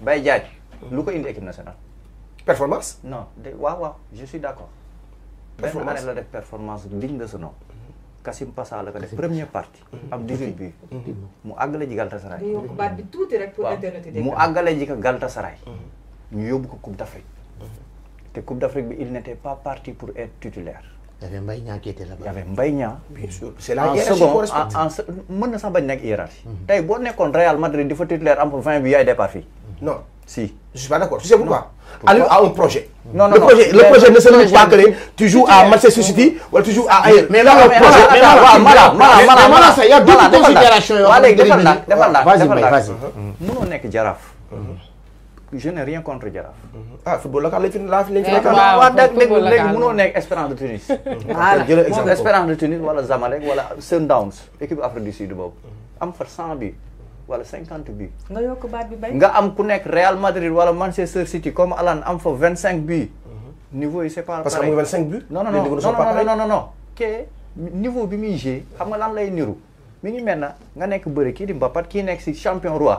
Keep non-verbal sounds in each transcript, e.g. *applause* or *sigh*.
Baye Diagne. lu ko indi équipe nationale. performance. non de waaw waaw je suis d' accord. performance benn année la def performance digne de ce nom. Mhm. Kassim Passa la ko def premier parti. Mhm. am 18 bi mhm. mu àggale ji Galatasaray. mu yokk baat bi tuuti rek pour éternité. mu àggale ji ko Galatasaray. ñu yóbbu ko Coupe d' Afrique. te Coupe d' Afrique bi il n' était pas parti pour être titulaire. y avait Mbaye Niang la hiérarchie qu'on respecte en second boo nekkoon Real Madrid di fa titulaire am 20 bi yaay départ fii. Non. Si. Je suis pas d'accord. Tu sais pourquoi Alou a un projet. Non, non, le projet, non. le projet ne se limite pas que tu joues à Manchester City ou tu joues à ailleurs. Mais là, le projet, mais là, voilà, voilà, voilà, ça, il y a d'autres considérations. Voilà, demande là, demande là. Vas-y, vas-y. Mmh. Nous, on est que Jaraf. Mmh. Je n'ai rien contre Jaraf. Mmh. Ah, football local, les filles, là, les filles, là, nous, on est espérant de Tunis. *laughs* Espérant de Tunis, voilà, Zamalek, voilà, Sundowns, équipe Afrique du Sud, Bob. Am faire 100 buts. wala cinquante bi nga yokk baat bi bay. nga am ku nekk Real Madrid wala Manchester City comme Alan am fa vingt cinq buts. Mhm. niveau yi c'est pas pareil parce que amul vingt bi muy joué xam nga lan lay niru mi ngi na nga nekk bëri kii ba Mbapat kii nekk si champion roi.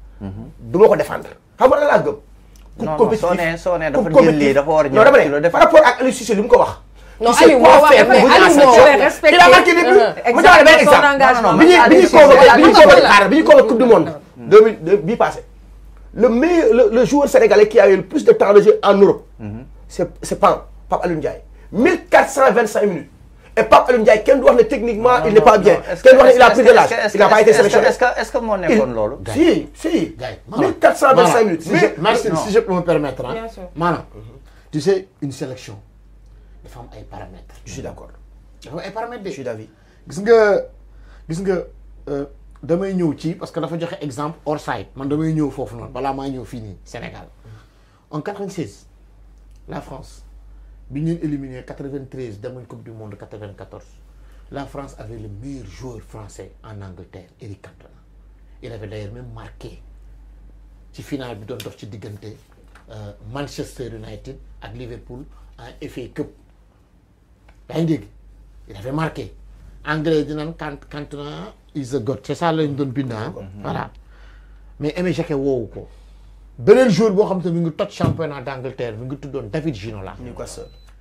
du défendre xam nga la non rapport ak Aliou ko wax. non Aliou respecté il a marqué du monde. passé le le joueur sénégalais qui a eu le plus de temps de jeu en Europe. Mhm. c'est c'est 1425 minutes. Et Pape Alioune Ndiaye kenn du le techniquement il n'est pas bien qu'un du il a pris de l'âge il n'a pas été sélectionné est-ce que est-ce que moo Lolo si si. mais quatre cent vingt cinq minutes. mais merci si je peux me permettre ah. tu sais une sélection femmes am des paramètres. je suis d'accord elles am paramètres je suis d'avis Tu nga gis nga euh, damay ñëw ci parce que dafa joxe exemple hors site, man damay ñëw foofu noonu balaa maa ñëw fii Sénégal en 96 la France bi éliminé éliminé 93 la coupe du monde 94 la France avait le meilleur joueur français en Angleterre Eric Cantona il avait d'ailleurs même marqué ci finale bi doon dox ci diggante euh, Manchester United à Liverpool en FA Cup il avait marqué anglais dit Cantona is a god c'est ça lañ doon bind hein? mm-hmm. voilà mais Aimé Jacques woowu ko beneen joueur bo xam te mi ngi toj championnat d'Angleterre mi ngi tudon David Ginola Newcastle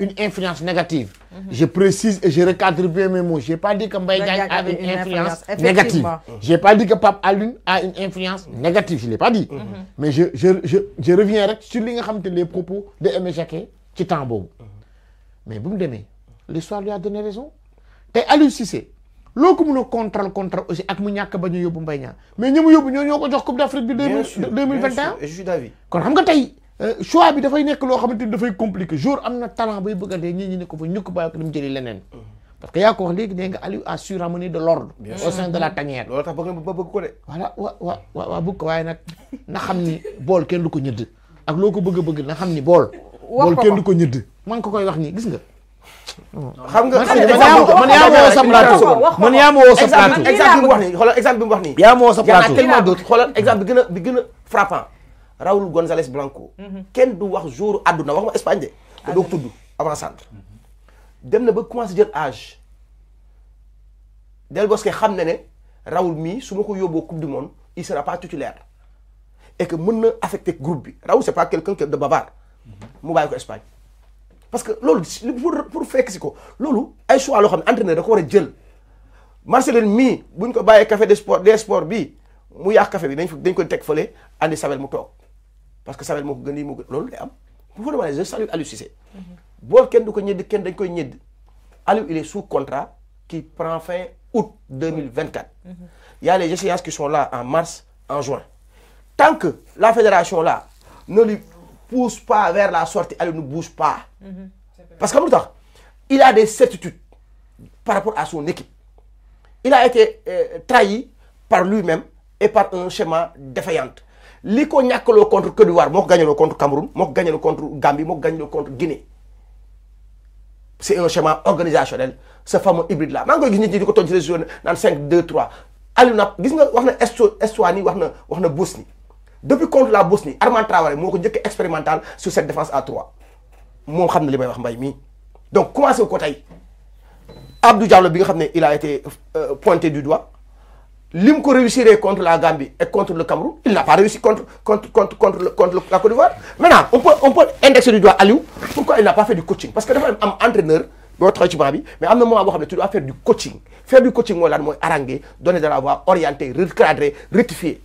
une influence négative. Mm -hmm. Je précise et je recadre bien mes mots. Je n'ai pas dit que Mbaye Diagne a une, une influence, négative. Je n'ai pas dit que Pape Alune a une influence négative. Je ne l'ai pas dit. Mm -hmm. Mais je, je, je, je reviens sur les propos de M. Jacquet, qui est en mm -hmm. Mais vous me demandez, l'histoire lui a donné raison. Et Alun Sissé, loo ko mën a aussi ak mu ñàkk ba ñu yóbbu Mbaye Niang mais ñi mu yóbbu ñoo ñoo jox Coupe d'Afrique bi 2021. et je suis d'avis kon xam nga tey Euh, choix bi dafay nekk loo xamante ni dafay compliqué jour am na talent bay bëgg a dee ñii ñu ne ko fa ñu ko bàyyi ko dem jëli euh. wax léegi de l'ordre au sein de la tanière. loolu tax bëgg bëgg wa wa wa bëgg na xam ni bool kenn du ko ñëdd. ak loo ko bëgg bëgg na xam ni bool. bool ko ñëdd. maa ngi ko koy wax nii gis nga. xam nga man yaa ma woo sa man yaa ma woo bi mu wax nii xoolal exemple bi mu wax nii. yaa ma woo sa a a Raoul González Blanco. Mhm. Ken du wax jour àdduna waxuma Espagne de. te doo tudd avant centre. dem na ba commencé jël âge. Del Bosque xam na ne Raúl mi, su ko yobo coupe du monde il sera pas titulaire et que meuna affecte groupe bi Raoul c'est pas quelqu'un de bavard. Mhm. mu bay ko Espagne. parce que lolu pour pour fekk ko lolu ay choix lo xam entraîneur da ko wara a jël. Marcelin mii ko baye café des sports des sports bi, mu yàq café bi dañ ko tek ko andi Sabel mu tok parce que ça va être mon gagné je salue Cissé. il est sous contrat qui prend fin août 2024. Il y a les échéances qui sont là en mars en juin tant que la fédération là ne lui pousse pas vers la sortie elle ne bouge pas. parce qu'en même temps, il a des certitudes par rapport à son équipe il a été euh, trahi par lui-même et par un schéma défaillant li ko contre Côte d'Ivoire moko ko contre Cameroun moko ko contre Gambie moko ko contre Guinée c'est un schéma organisationnel ce fameux hybride là maa ngi koy gis nit ñi ko toj réseau naan 5 2 3 aluna nag gis nga wax na Estonie wax Bosnie depuis contre la Bosnie Armand Traoré moo a expérimental sur cette défense à 3 moom xamna na wax mbay mi donc commencé ko tey Abdou Diallo bi nga xamné il a été euh, pointé du doigt. L'IM réussirait contre la Gambie et contre le Cameroun, il n'a pas réussi contre, contre, contre, contre, le, la Côte d'Ivoire. Maintenant, on peut, on peut indexer du doigt Aliou. Pourquoi il n'a pas fait du coaching Parce que d'abord, un entraîneur, mais à un moment, tu dois faire du coaching. Faire du coaching, c'est arranger, donner de la voix, orienter, recadrer, rectifier.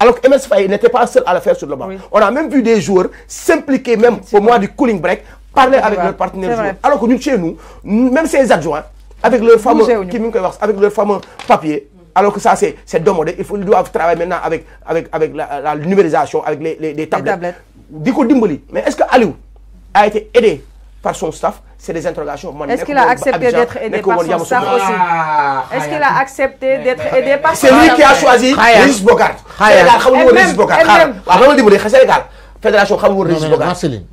Alors que MS n'était pas seul à le faire sur le banc. On a même vu des joueurs s'impliquer même au mois du cooling break, parler avec leurs partenaires Alors que nous, chez nous, même ses adjoints, avec leur fameux, avec leur fameux papier, alors que ça, c'est demandé. Il faut, ils doivent travailler maintenant avec, la, numérisation, avec les, les, les tablettes. Les tablettes. Mais est-ce que Aliou a été aidé par son staff C'est des interrogations. Est-ce ah, qu'il a accepté d'être aidé par son staff Est-ce qu'il a accepté d'être aidé par son staff C'est lui qui a choisi Régis Bogart. C'est Régis Bogart. Régis Bogart. Régis Bogart. Régis Bogart. Régis Bogart. Régis Bogart. Régis Bogart. Régis Bogart. Régis Bogart. Régis Bogart. Régis Bogart. Régis Bogart. Régis Bogart.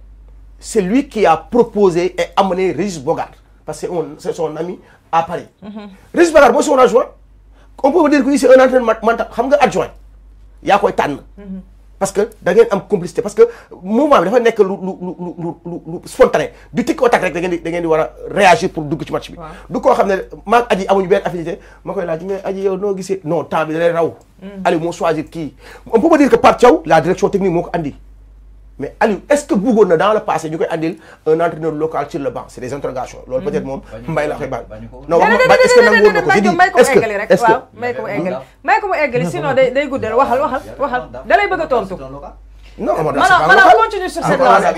c'est lui qui a proposé et amené Régis Bogard. Parce que c'est son ami à Paris. Mm Bogard, moi, c'est adjoint. On peut dire que c'est un mental. adjoint. Il y a quoi tan. Parce que y a une complicité parce que moi que du réagir pour match bi. ne affinité ma mais aji yow non bi il raw. Mhm. allez choisir qui. on peut pas dire que par la direction technique mais Aliou est-ce que bëggoon na dans le passé ñu koy andil un entraîneur local sur le banc c'est des interrogations. loolu peut-être moom mbay la koy baal. non wax ma est-ce que nangu woon na ko j'ai dit est-ce que est-ce que may ko mu eggali may ko mu eggali sinon day day guddal waxal waxal waxal da lay bëgg a tontu. non Amadou Assane local ah, maanaam continue sur cette lancée.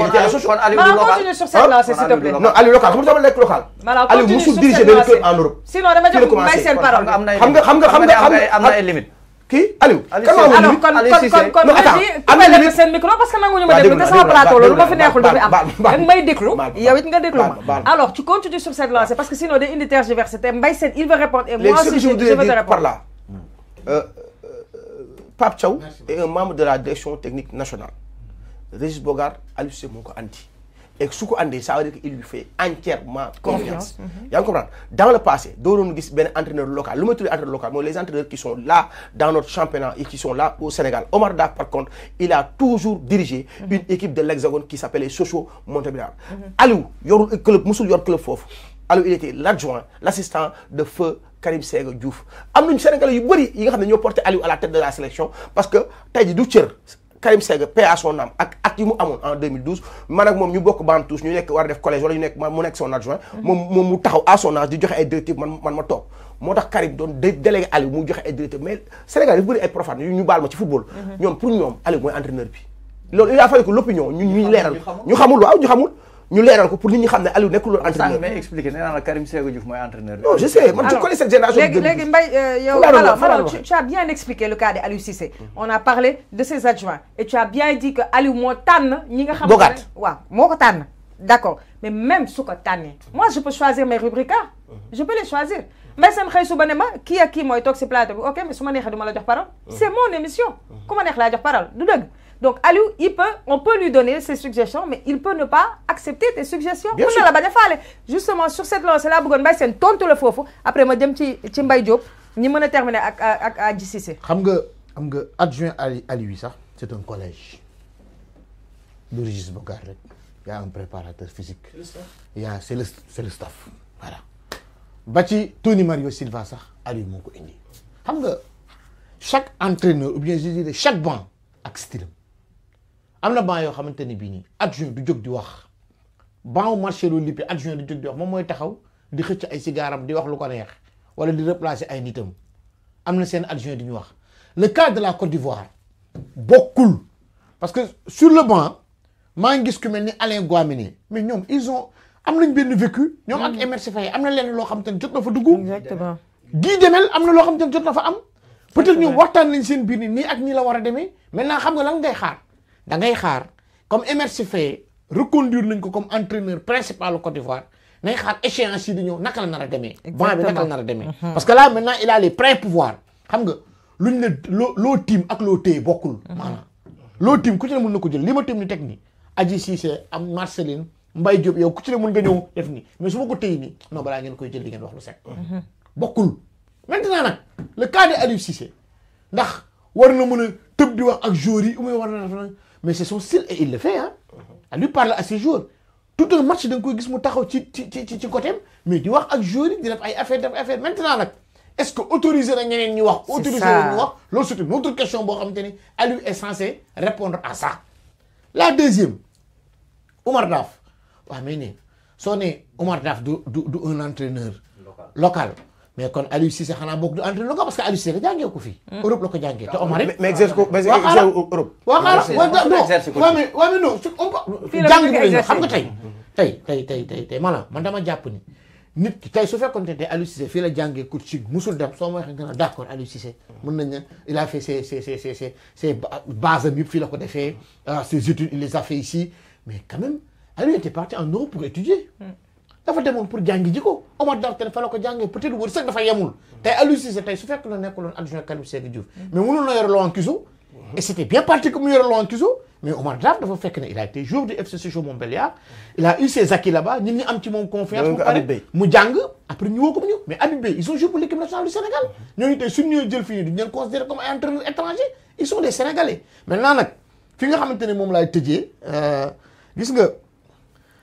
maanaam continue sur cette lancée s'il te plaît. non Aliou local xam nga dama nekk local. maanaam continue sur cette lancée Aliou musul diriger benn club en Europe. sinon dama jox mbay seen parole. xam nga xam nga xam nga am na ay limites alors tu continues sur cette c'est parce que sinon des il veut répondre et moi aussi je veux répondre par là euh, euh, euh, Pape est un membre de la direction technique nationale Régis Bogard Aliou lu Moko, mot et Soukou Andé, Andé, ça veut dire qu'il lui fait entièrement confiance. Mhm. dans le passé nous doon gis entraîneur local le entraîneur local les entraîneurs qui sont là dans notre championnat et qui sont là au Sénégal Omar Dak par contre il a toujours dirigé mhm. une équipe de l'Hexagone qui s'appelait Sochaux Montevideo. Mhm. Alou, club yor club il était l'adjoint l'assistant de feu Karim Séga Diouf Il Sénégalais yu bëri yi nga porté Alou à la tête de la sélection parce que tey Doucher, Karim Sega paix à son âme ak at yi mu amone en 2012 man ak mom ñu bokk bande tous ñu nek war def collège wala ñu nek mu nek son adjoint mom mhm. mom mu taxaw à son âge di joxe ay directives man man ma top motax Karim doon délégué Aliou mu joxe ay directives mais Sénégal dafa bëri ay profane ñu baal ma ci football mhm. ñom pour ñom Aliou moy entraîneur bi loolu il a fallu que l'opinion ñu ñu léral ñu xamul waaw ñu xamul ñu leeral ko pour nit ñi xam ne Aliou nekkul woon entraîneur. sànq may expliqué Karim Sékou Diouf mooy entraîneur non je sais man je connais cette génération. léegi léegi Mbaye euh, yow alors tu, as bien expliqué le cas de Aliou Cissé. on a parlé de ses adjoints et tu as bien dit que Aliou moo tànn ñi nga. xam ne waaw moo d'accord mais même su ko moi je peux choisir mes rubriques mhm. je peux les choisir. Mais seen xëy suba ne ma qui, ak kii mooy toog si plateau ok mais su ma neexee du ma la jox parole. Mhm. c'est mon émission. Comment ma neex laa jox parole du dëgg. Donc, Aliou, il peut, on peut lui donner ses suggestions, mais il peut ne pas accepter tes suggestions. Bien sûr. Justement, sur cette lancée-là, Bougon c'est une tout le faux. Après, je vais Timbay Diop, ni vais terminer à JCC. Tu sais, adjoint à c'est un collège. D'origine registre il y a un préparateur physique. C'est le, C'est le staff. Voilà. Bati, Tony Mario Silva, ça, Aliou lui, Indi. chaque entraîneur, ou bien je dirais, chaque banc, a style amna na ban xamanteni bi ni bii adjoint du jog di wax ban marché lo lippi adjoint du jog di wax mom moy taxaw di xëcc ay cigaram di wax lu ko neex wala di replacer ay nitam amna sen seen adjoint di ñu wax le cas de la Côte d'Ivoire bokul parce que sur le banc ma ngi gis ku melni Alain Guamini mais ñom ils ont am nañ benn vécu ñom ak MRC fay amna na lo xamanteni xam jot na fa duggu exactement Guy Demel amna lo xamanteni jot na fa am peut-être ñoom waxtaan nañ seen biir ni ak ni la wara démé maintenant xam nga lan ngay xaar da ngay xaar comme Emerse Faé reconduire nañ ko comme entraîneur principal au Côte d'Ivoire nañ xaar échéance yi di ñëw naka la nar a demee. vent bi naka la nar a demee. Mhm. parce que là maintenant il a les pleins pouvoirs xam nga luñ ne loo loo tiim ak loo téye bokkul. Mhm. maanaam loo tiim ku ci ne mën na ko jël li ma tiim ni teg nii. Aji Cissé am Marceline Mbaye Diop yow ku ci ne mën nga ñëw def nii mais su ma ko téye nii non balaa ngeen koy jël di ngeen wax lu set. Mhm. bokkul ndax war na mën a di wax ak joueurs yi ou mais c'est son style et il le fait Elle hein. mhm. lui parle à ses jours tout un match d'un coup, il gis mu taxaw ci ci côté mais il wax ak joueurs a di maintenant est ce que autoriser les ñeneen autoriser wax. un c'est une autre question Elle lui est censé répondre à ça. la deuxième Omar Daf ah mais non Omar Daf un entraîneur. local mais kon Aliou Cissé xana boog du entraîneur nga parce que Aliou Cissé jàngee ko fi hmm. Europe la ko te Omar it. mais exerce ko mais exerce Europe. wa wa xaaral wa mais waaw mais non jàng bi lañu xam nga tay tay tey tey tey tey maanaam man dama japp ni nit ki tey su fekkoon ne tey Aliou Cissé fi la jàngee ku ci musul dem so moy nga d'accord Aliou Cissé mën nañ il a fait ses ses ses ses ses base mi fi fii la ko defee ah, ses études il les a fait ici mais quand même Aliou était parti en Europe pour étudier. Hmm dafa demone pour jàngi ji ko Omar Dafter fa la ko jàngee peut être wërsëg dafa yemul tey Aliou Cissé tey su fekk na nekkuloon adjoint Kalidou Seck Diouf mais mënul na yore Laurent kisu et c' était bien parti que mu yore Laurent kisu mais Omar Daf dafa fekk ne il a été joueur du FC Sochaux Montbéliard il a eu ses acquis là-bas ñun ñu am ci moom confiance mu pare mu jàng après ñu woo ko mu mais Habib Beye ils sont joué pour l'équipe nationale du Sénégal ñooñu tey suñu ñëwee jël fii nii duñu leen considéré comme ay entraîneurs étrangers ils sont des Sénégalais maintenant nag fi nga xamante ne moom laay tëjee euh, gis nga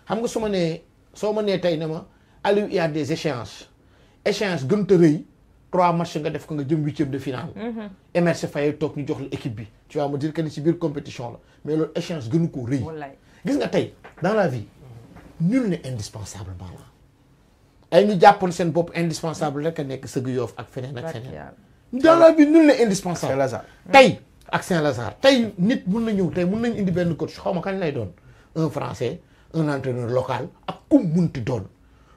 xam nga su ma nee soo ma nee tey Aliou il y a des échéances échéance gën te reuy trois matchs nga def ko nga jëm 8e de finale. MRC mhm. Faye toog ñu jox l'équipe bi. tu vas me dire que ni ci biir compétition la mais loolu échéance gënu ko rëy. gis nga tay dans la vie. nul n'est indispensable maanaam. ay ñu jàppoon sen bop indispensable rek nek nekk sëg yoof ak feneen ak feneen. dans la vie nul n'est indispensable. c'est lazare tay ak Saint-Lazare tay nit mën na ñëw tay mën nañ indi ben coach xawma kan lay doon un français un entraîneur local à ku Tidol.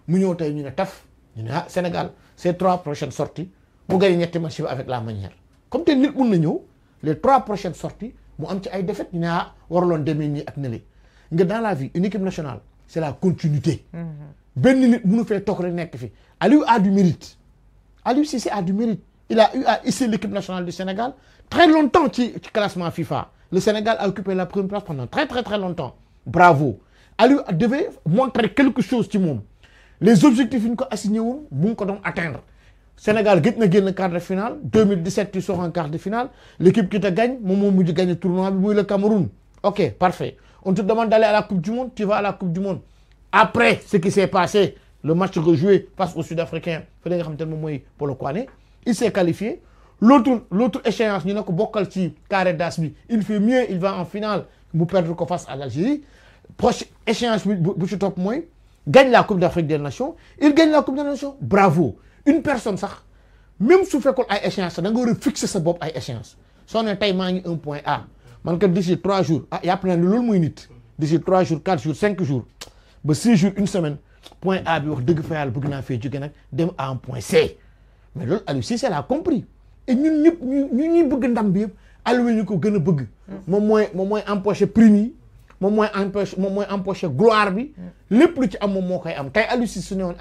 Nous mu ñëw tey ñu taf ah, Sénégal ces trois prochaines sorties pour gagner ñetti match avec la manière comme te nit mun les trois prochaines sorties mu am ci ay défaites ñu ne ah waraloon avec dans la vie une équipe nationale c'est la continuité. Ben nit mënu fee toog rek nekk fait. Aliou a du mérite Aliou Cissé a du mérite il a eu à hisser l'équipe nationale du Sénégal très longtemps ci classement FIFA le Sénégal a occupé la première place pendant très très très longtemps bravo. Aliou devait montrer quelque chose ci les objectifs qu'il a signés, il les atteindre Sénégal a na le quart de finale 2017 tu sors en quart de finale l'équipe qui te gagne tu qui gagner tournoi bi le Cameroun ok parfait on te demande d'aller à la coupe du monde tu vas à la coupe du monde après ce qui s'est passé le match rejoué face aux Sud-Africains nga xam il s'est qualifié l'autre échéance il fait mieux il va en finale il perdre face à l'Algérie proche échéance bu ci topp gagne la coupe d'Afrique des nations il gagne la coupe des nations bravo une personne ça même su fekkul ay échéance da nga fixer sa bob ay échéance son ne tey un point A man kat d'ici trois jours ah yàpp naa ne loolu mooy nit d'ici trois jours quatre jours cinq jours ba six jours une semaine point A bi wax deug fa yàlla bëgg naa fee jóge nag dem à un point C mais loolu Aliou Cissé l'a compris et ñun ñëpp ñu ñuy bëgg ndam bi yëpp Aliou ñu ko gën a bëgg moom mooy moom mooy empoché prime moom mooy empêche moom gloire bi mm. lépp lu ci am moom koy am tay Aliou Cissé su na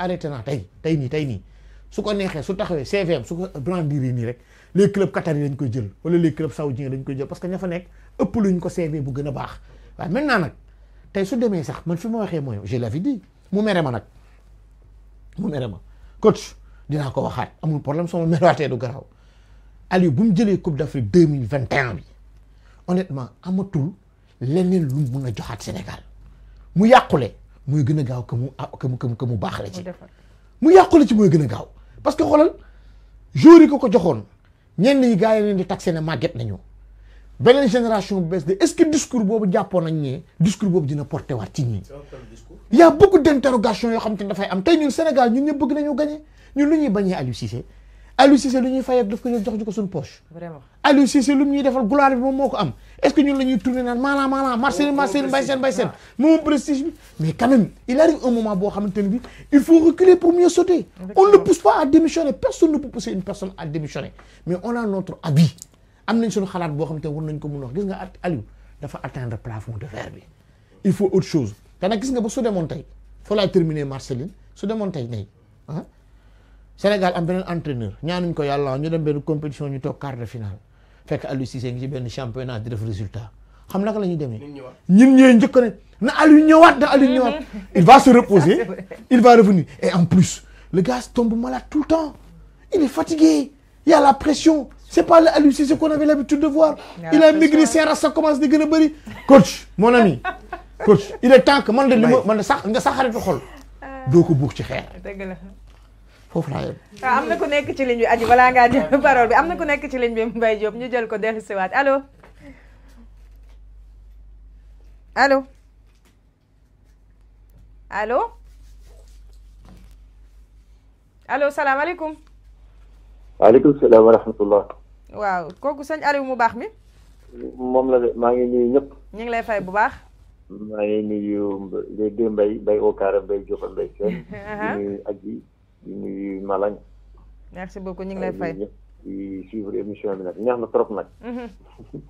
tay tay ni tay ni su ko nexé su taxawé CVM su ko brandir ni rek les clubs qatar yi dañ koy jël wala les clubs saoudiens dañ koy jël parce que ña fa nekk ëpp luñ ko CV bu gën bax wa maintenant nak tay su démé sax man fi ma waxee mooy je l'avais dit mu méré ma nak mu méré ma coach dina ko waxat amul problème sama meraatee du graw Aliou bu mu jëlee coupe d'afrique 2021 bi honnêtement amatul leneen lu mun a joxaat Sénégal mu yàqule muy gën a gaaw que mu que ah, mu que baax la ci mu yàqule ci mooy gën a gaaw parce que xoolal jour yi ko ko joxoon ñenn yi gars yi leen di taxé ne màgget nañu beneen génération bu bees de est-ce que discours boobu jàppoon nañ ne discours boobu dina porté waat ci ñii y a yoo xam te ne dafay am tey ñun Sénégal ñu ñëpp bëgg nañu gagné ñun lu ñuy bañee Aliou Cissé Aliou Cissé lu ñuy fayee daf ko jox ñu ko suñu poche Aliou Cissé lu mu ñuy defal gulaar bi moom moo ko am est-ce que nous allons tourner dans malin Marcelin oh, oh, Marcelin Marceline, Mbaye Mon prestige ah. mais quand même il arrive un moment où il faut reculer pour mieux sauter on ne pousse pas à démissionner personne ne peut pousser une personne à démissionner mais on a notre avis Il faut atteindre le plafond de verre il faut autre chose Il faut terminer Marceline su faut tey c'est ah. Sénégal a un entraîneur ñaanuñ ko une ñu dem compétition au quart de finale fait que Cissé ngi ci benn championnat di def résultat xam la ñuy demee. na ñëwaat da mm-hmm. *laughs* il va se reposer il va revenir et en plus le gars tombe malade tout le temps il est fatigué il y a la pression c'est pas le qu'on avait l'habitude de voir. il a maigri hein. ses races ça commence de gëna bari coach mon ami *laughs* coach il est temps que man de man de sax nga sax xaritu xol euh. doo ko foofu laa yem. Ah, am na ko nekk ci ligne bi aji balaa ngaa jël *laughs* parole bi am na ku nekk ci ligne bi Mbaye Diop ñu jël ko dellu si waat allo allo allo allo salaamaaleykum. waaleykum salaam wa rahmatullah. waaw kooku sëñ Aliou mu baax mi. moom la de maa ngi nuyu ñëpp. ñu ngi lay fay bu baax. maa ngi nuyu les deux mbay mbay Okara mbay Diop mbay Sène. *laughs* di nuyu aji. di nuyu Malañ. merci beaucoup ñu ngi lay fay di suivre émission bi nag neex na trop nag. Mhm. *laughs*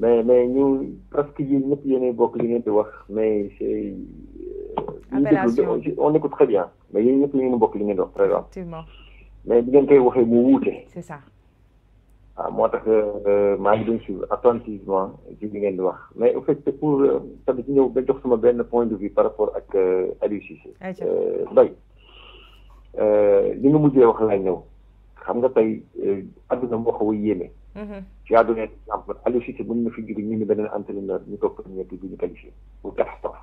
mais mais ñu presque yéen ñëpp yéenay bokk li ngeen di wax mais c'est. Euh, appellation on écoute très bien mais yéen ñëpp yéen a bokk li ngeen di wax par mais bi ngeen koy waxee mu wuute. c'est ça. waaw ah, moo tax euh, maa ngi doon suivre attentivement ci li ngeen di wax mais au fait c'est pour euh, tamit ñëw ba jox sama benn point de vue par rapport ak Aliou Cissé. Mbaye. Eh, li nga mujjee wax laa ñëw xam nga tey adduna eh, moo xaw a yéeme. Mhm. ci àdduna exemple Aliou Cissé mën na fi jóge ñu ni beneen entraîneur ñu toog premier bi ñu qualifié pour catastrophe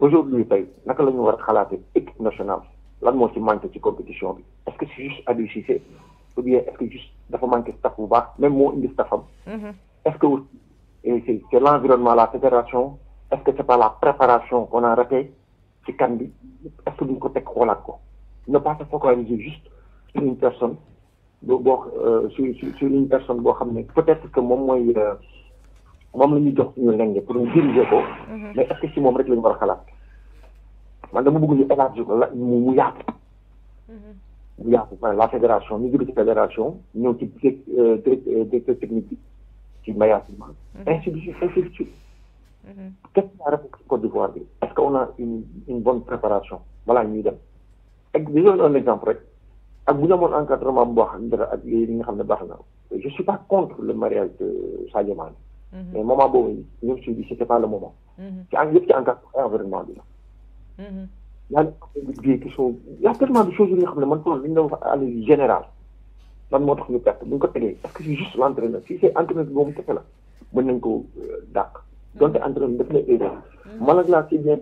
aujourd'hui tey naka la ñu war a xalaatee équipe nationale lan moo ci manqué ci compétition bi est-ce que c'est juste Aliou Cissé ou bien est-ce que juste dafa manqué staff bu baax même moo indi staffam. Mhm. est-ce que eh, c'est c'est l'environnement la fédération est-ce que c'est pas la préparation on a raté ci kan ko ne pas se focaliser juste sur une personne euh, sur une personne peut-être que moom euh, la pour mhm. mais est-ce que la war la la fédération ñu ci fédération euh, technique qu'est-ce qui a rafetlu ci Côte d'Ivoire bi est-ce qu'on a une une bonne préparation balaa ñuy dem ak di un exemple rek ak bu ñu amoon encadrement boo xam dara ak li nga xam ne baax na je suis pas contre le mariage de Sadio Mané mais moment boobu ñoom suivi c'était pas le moment ci en yëpp ci encadrement environnement bi la yaa ngi liggéey qui sont y a tellement de choses yi nga xam ne man tool li ñu doon wax à général lan moo tax ñu perte bu ñu ko tegee est-ce que c'est juste l'entraîneur si c'est entraîneur bi moom kese la mën nañ ko dàq donte entraîneur def na erreur. Mm-hmm. la des bien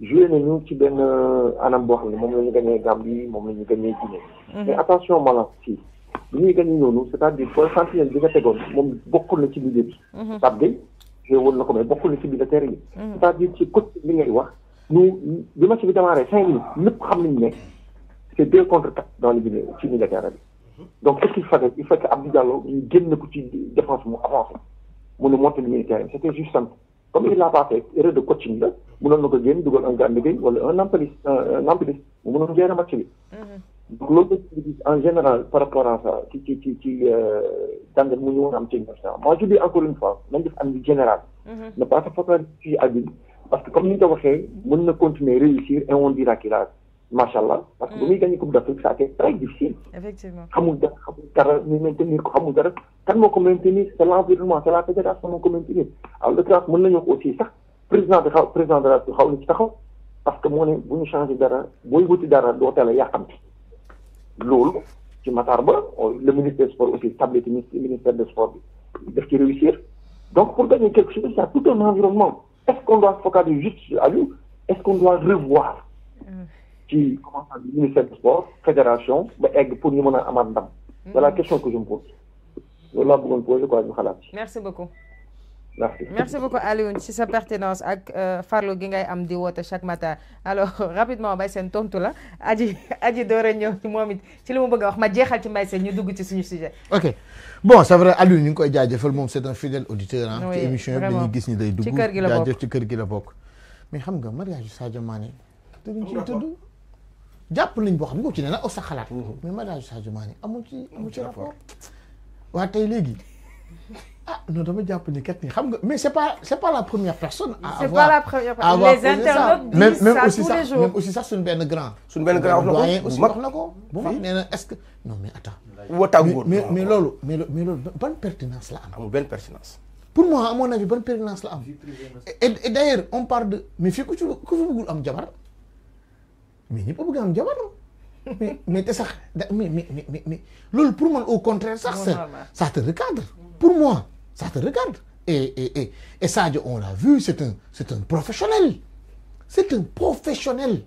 joué ci euh, anam mm-hmm. mais attention si bi ñuy gagné c'est-à-dire pour Nous na ci bi. na ko mais na ci mm-hmm. à dire ci li ngay wax bi bi minutes c'est deux contre quatre dans le milieu donc qu'il fallait il faut que Abdou Diallo ñu ko défense mun a monter le militaire c'était juste simple comme il l'a pas fait erreur de coaching la mënoon na ko génn dugal un Gana Gueye wala un Nampalys un Nampalys mu mënoon génn match bi. Mm-hmm. à ça ci ci ci euh, mu ñu war a am ci université moi je dis encore une fois nañ def am général. Mm-hmm. ne pas se focaliser ci Habib parce que comme ni nga ko waxee mën na continuer réussir et on dira qu'il a macha allah parce que bu muy mm. gagné coupe d'Afrique ça c'est très difficile. effectivement xamul dara xamul dara ñu maintenir ko xamul dara kan moko maintenir c' est l' environnement c' est la fédération moo ko maintenir alors le cas mën nañu ko aussi sax président de président de la xaw na ci taxaw parce que moo ne bu ñu changer, dara boy wuti dara do télé a yàqamti loolu ci Matar Ba le ministère des sports aussi tablé ministère des sports bi daf ci réussir donc pour gagner quelque chose ça tout un environnement est ce qu'on doit focaliser juste sur lui est ce qu'on doit revoir. Mm qui ci commencé ministère du sport fédération ba egg pour ñu mën a amaat hmm. la question que je me pose Voilà laa bëggoon posé quoi ñu xalaat merci beaucoup. merci merci beaucoup Alioune ci sa pertinence ak euh, farlu gi ngay am di woote chaque matin alors *laughs* rapidement Mbaye Sène tontu la aji aji doore ñëw ci moom it ci li mu bëgg wax ma jeexal ci Mbaye Sène ñu dugg ci suñu sujet. ok bon ça est vrai Alioune ñu ngi koy jaajëfal moom c' est un fidèle auditeur ah. ci émission yëpp dañuy gis ni day dugg ci kër gi la bokk jaajëf ci kër gi la bokk. mais xam nga mariage Sadio Mané. dinañ ciy tudd jàpp nañ bo xam nga ci ne na sa xalaat mhm. mais madame Sadio Mané amu ci amu ci rapport wa tay léegi ah non dama japp ni kat ni xam nga mais c'est pas c'est pas la première personne à avoir c'est pas la première personne les internautes disent ça tous les jours même aussi sax suñu ben grand suñu ben grand doyen aussi wax na ko bu mag nee est-ce que non mais attends watàngoor mais mais loolu mais mais loolu ban pertinence la am amul benn pertinence pour moi à mon avis bonne pertinence la am et d'ailleurs on parle de mais fi ku ci ku fi bëggul am jabar mais il bëgg pas jabar mais mais mais pour moi, au contraire ça ça te regarde, pour moi ça te regarde et et et et on l'a vu c'est un c'est un professionnel c'est un professionnel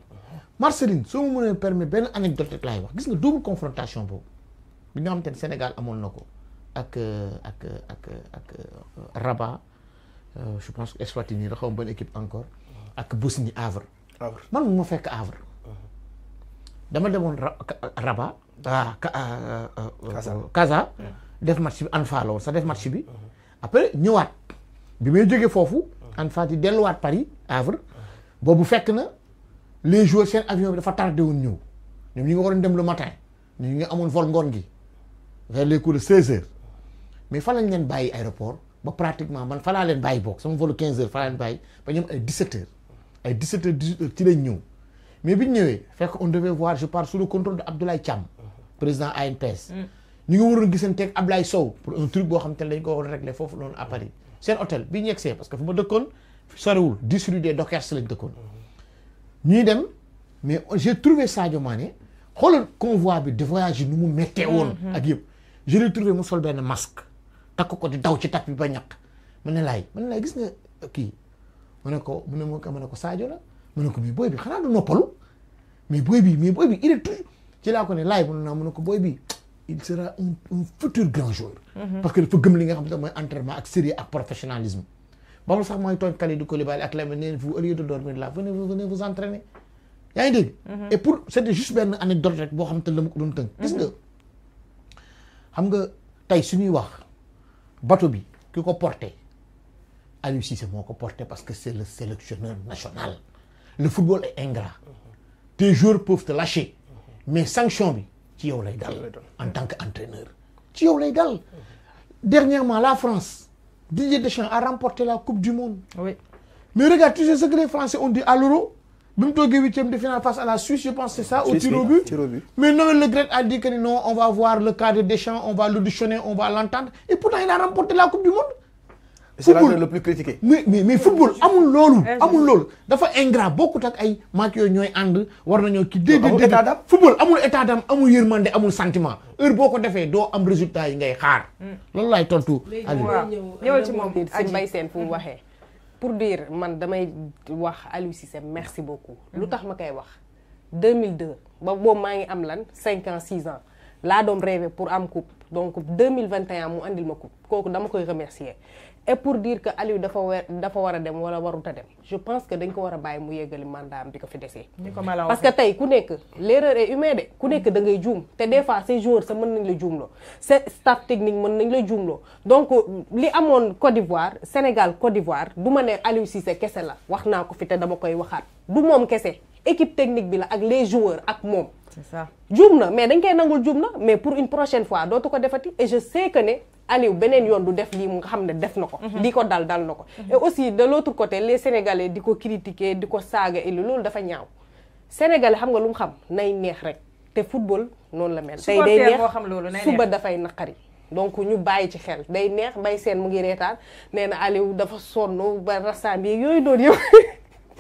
Marceline soo me permet permettre une anecdote il wax a nga double confrontation vous? bi nga xamante Sénégal à na avec avec euh, euh, euh, Rabat je pense que Eswatini la une bonne équipe encore avec Bosnie Havre. Moi, je ne fais que Havre. dama demoon Rabat ah, ah, ah, ah Casa def match bi Anfa la woon sax def match bi après ñëwaat bi may jógee foofu Anfa di delluwaat Paris Havre boobu fekk na les joueurs seen avion bi dafa tardé woon ñëw ñoom ñi nga a dem le matin ñu ngi amoon vol ngoon gi vers les coups de 16 mais fa lañ leen bàyyi aéroport ba pratiquement man falaa laa leen bàyyi boog sama volu 15 heures fa leen bàyyi ba ñoom ay 17 heures ay 17 heures 18 heures ci lañ ñëw mais bien on devait voir je parle sous le contrôle de Abdoulaye Thiam président ANPS. nous que Sow pour un truc régler à Paris un hôtel bi nous parce que nous des Dockers le ni dem mais j'ai trouvé Sadio Mané le convoi de voyage nous nous mm-hmm. je l'ai trouvé masque ko di daw ci tap bi ne nga vu, je ne ko mu ne ko mais booy bi xanaa du noppalu mais booy bi mais booy bi il est toujours ci la ko ne laay mun naa mu ko booy bi il sera un un futur grand joueur. Mhm. parce que dafa gëm li nga xam ne moy entraînement ak sérieux ak professionnalisme. ba mu sax mooy tooñ du colibali ak Lamine neen vous au lieu de dormir là venez vous venez vous entraîner yaa ngi dégg. Mhm. et pour c'était juste ben anecdote rek boo xam te ne la ko doon tënk. gis nga xam nga tay suñuy wax bateau bi ki ko porté Aliou Cissé moo ko parce que c'est le sélectionneur national le football est ingrat. Tes joueurs peuvent te lâcher. Mais sanction, tu es en tant qu'entraîneur. Tu es Dernièrement, la France, Didier Deschamps a remporté la Coupe du Monde. Oui. Mais regarde, tous sais ce que les Français ont dit à l'Euro même toi, 8 de finale face à la Suisse, je pense que c'est ça, au tir au but. Mais non, le Grec a dit que non, on va voir le cas de Deschamps, on va l'auditionner, on va l'entendre. Et pourtant, il a remporté la Coupe du Monde c'est le plus critiqué. mais mais mais football amul lolu, amul lolu. dafa ingrat beaucoup ak ay match yooyu ñooy ànd war nañoo dé dé déedéet football amul état d'âme amul yermandé, amul sentiment heure boko défé do am résultat yi ngay xaar. Hmm. Lolu lay tontu. Aliou waaw ñëwal ci moom si Mbaye Sène fu waxé. pour dire man damay wax Aliou Cissé merci beaucoup. Hmm. lu tax ma kay wax 2002 ba bo ma ngi am lan 5 ans 6 ans La doon rêvé pour am coupe donc 2021 mu andil ma coupe kooku dama koy remercier et pour dire que Aliou dafa weer dafa war dem wala warut dem je pense que dañ ko war a mu yeggali mandat am bi ko fi desee parce que tay ku nek l'erreur est humaine de ku nek da ngay juum té des fois ces joueurs sa mën nañ la juumloo c'est staff technique mën nañ la juumloo donc li amone Côte d'Ivoire Sénégal Côte d'Ivoire du né Aliou Cissé kessé la waxna ko fi té dama koy waxat du mom kessé équipe technique bi la ak les joueurs ak mom c'est ça mais dañ koy nangul juum mais pour une prochaine fois doto ko defati et je sais que ne Aliou benen yone du def li mu nga xam ne def nako mhm. diko dal dal nako mhm. et aussi de l'autre côté les sénégalais diko critiquer diko saga et loolu dafa ñaaw sénégalais xam nga lu mu xam nay neex rek té football non la mel. tey day neex suba fay nakari donc ñu bayyi ci xel day neex bay sen mu ngi reetaan nee na Aliou dafa sonu ba rasam bi yoy noonu *laughs*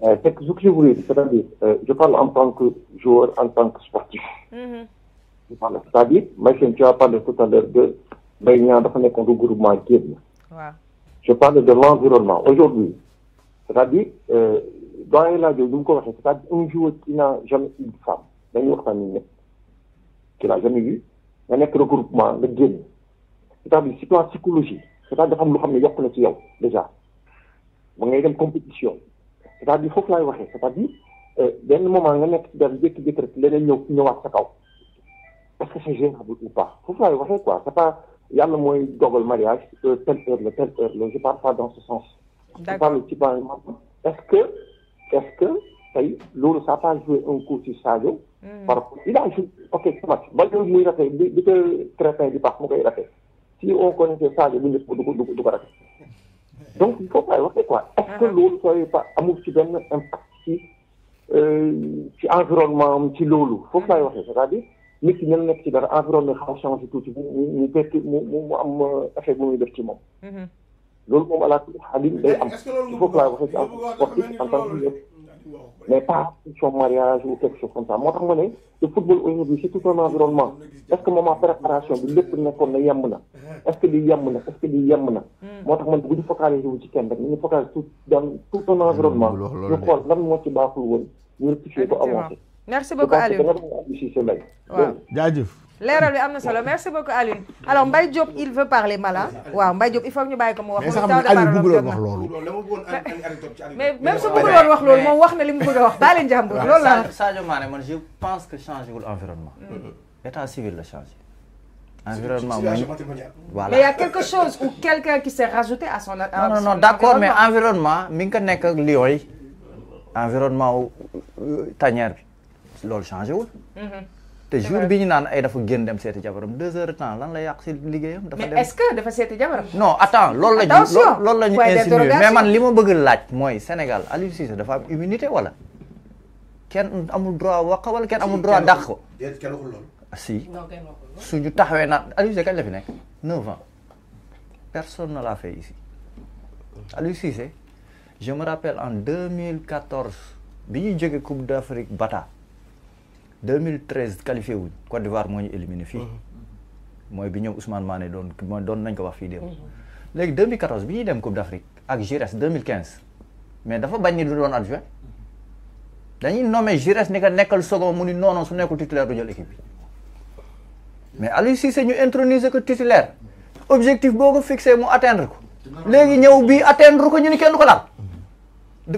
c'est ce que je voulais dire, c'est-à-dire, euh, je parle en tant que joueur, en tant que sportif. Mm -hmm. C'est-à-dire, tu as parlé tout à l'heure de Baïnian, de regroupement Je parle de l'environnement. Aujourd'hui, c'est-à-dire, euh, dans les de c'est-à-dire un joueur qui n'a jamais eu de femme, d'ailleurs, famille, qui n'a jamais eu, il y a un regroupement, le game. C'est-à-dire, c'est la psychologie. C'est-à-dire, il y a déjà. Il y a une compétition. c'est-à-dire foofu laay waxee c'est-à-dire benn moment nga nekk ci dara jékki-jékki rek leneen ñëw ñëwaat sa kaw est-ce que c'est gênable ou pas foofu laay waxee quoi c'est pas yàlla mooy dogal mariage telle heure la telle heure la je parle pas dans ce sens. je parle ci par est-ce que est-ce que tey loolu ça pas joué un coup sur Sadio. par rapport il a joué ok ce match ba yooyu muy rafet di di ko Crépin di baax mu koy rafet si on connaissait Sadio bu njëkk du ko du ko donc il faut pas waxee quoi est-ce que loolu sooy ba amul ci benn impact ci ci environnement am ci loolu foofu laay waxee c'est-à-dire nit ki nan nekk ci dara environnement xaw changé tuuti mu mu mu mu mu am effet bu muy def ci moom. loolu moom alaaka xaalis day am. foofu laay waxee ci mais pas moo tax ma ne le football aujourd'hui c'est tout un environnement est-ce que préparation bi lépp nekkoon na yemb na ah. est-ce que na est-ce que na hmm. moo tax man bu ñu focaliser wu ci kenn rek ñu focaliser tout dans tout un environnement ñu xool lan moo ci baaxul woon ñu rectifier ko avancé merci beaucoup Aliou leral bi amna solo merci beaucoup Aline alors Mbaye Diop il veut parler Mala wa Mbaye Diop il faut ñu bàyyi ko mu wax. taw de Mara même wax loolu. mais même su bëggoon wax lolu mo wax na limu bëgg wax baa leen lolu la. Sadio Mané je pense que changé l'environnement. Mm. Mm. état civil la changé. environnement voilà mais il y a quelque chose ou quelqu'un qui s'est rajouté à son. non non non d'accord mais environnement mi nga ko nekk ak lion environnement ou euh, tanière bi loolu changé wul. Mm-hmm. te jour bi ñu naan ay eh, dafa gën dem seeti jabaram deux heures temps lan lay yak ci liggéeyam. dafa dem mais est-ce que dafa seeti jabaram. non attends loolu la ñu loolu la ñu mais man lima bëgg laaj moy Sénégal Aliou Cissé dafa am immunité wala kenn amul droit wax wala kenn amul droit dakh ko. kenn waxul loolu. Ah, si suñu taxawé na Aliou Cissé kañ la fi nek 9 ans personne ne l'a fait ici Aliou Cissé je me rappelle en 2014 biñu jëgé Coupe d'Afrique Bata. 2013 qualifié wuñ Côte d'Ivoire moo éliminé fi moy mm-hmm. bi ñom Ousmane Mané don don doon nañ ko wax fi dem légui 2014 bi ñi dem Coupe d'Afrique ak Jires 2015 mais dafa bañ ni du don adjoint mm-hmm. dañuy nommé Jires ni ko nekkal Sogo mu ni non non su nekkul titulaire du jël équipe bi mais Aliou Cissé ñu introniser ko titulaire objectif bogo fixé mu atteindre ko légui ñew bi atteindre ko ñu ni kenn ko laal. Mm-hmm.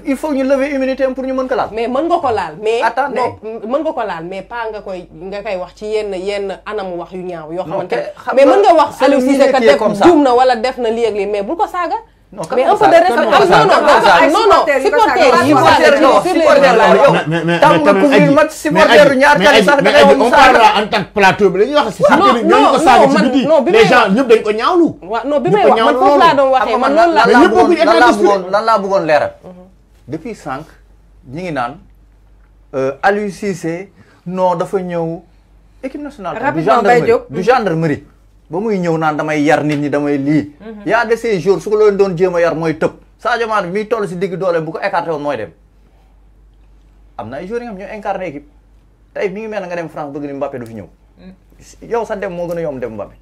il faut ñu lever immunité am pour ñu mën ko laal. mais mën nga ko laal mais. attendez mën nga ko laal mais pas nga koy nga koy wax ci yenn yenn anamu wax yu ñaaw. yoo xamante mais mën nga wax. Aliou Cissé ka def juum na wala def na lii ak lii mais bul ko saaga. non mais un peu de respect ah, non non non supporter yi on parlera en tant que plateau bi la ñuy wax. ñooñu ko saaga ci biti les gens ñëpp dañ ko ñaawlu. waaw non bi may wax man foofu laa doon waxee man loolu laa. lan laa bëggoon leeral depuis cinq ñi ngi naan euh, Aliou Cissé non dafa ñëw équipe nationale. rapidement Baye Diop du gendarmerie ba muy ñëw naan damay yar nit ñi damay lii. Mhm. yaa a de ces jours su ko doon jéem a yar mooy tëb. Sadio Mané miy toll si digg dooleem bu ko écarté woon mooy dem am na ay jours yi nga xam ñoo incarné équipe tey mi ngi mel ne nga dem France bëgg ni Mbappé du fi ñëw. Mm. yow sa dem moo gën a yom dem Mbappé.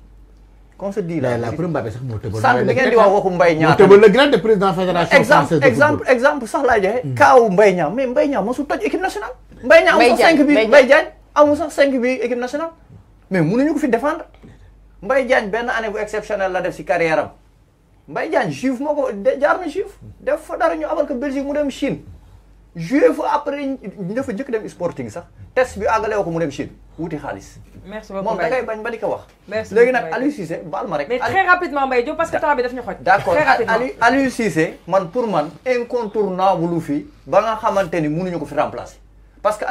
qu'on se dit là la preuve Mbappé sax moo tëbal. sànq da ngeen di wax waxu Mbaye Niang. moo tëbal le exemple exemple sax laa joxe. kaawu Mbaye Niang mais Mbaye Niang mosul toj équipe nationale. Mbaye Niang amul sax bi Mbaye Diagne amul sax 5 bi équipe nationale. mais mënuñu ko fi défendre mbay Diagne benn année bu exceptionnelle la def si carrière am Mbaye Diagne juif moo ko jaar na juif def fa dara ñu abal ko Belgique mu dem Chine. joué fa après dafa njëkk dem sporting sax test bi àggale ko mu dem Chine wuti xaalis. merci beaucoup moom da ngay bañ ba di wax. merci nag Aliou Cissé baal ma rek. mais très rapidement Mbaye Diop parce que temps bi ñu man pour man incontournable fi ba xamante ni mënuñu ko fi remplacer parce que.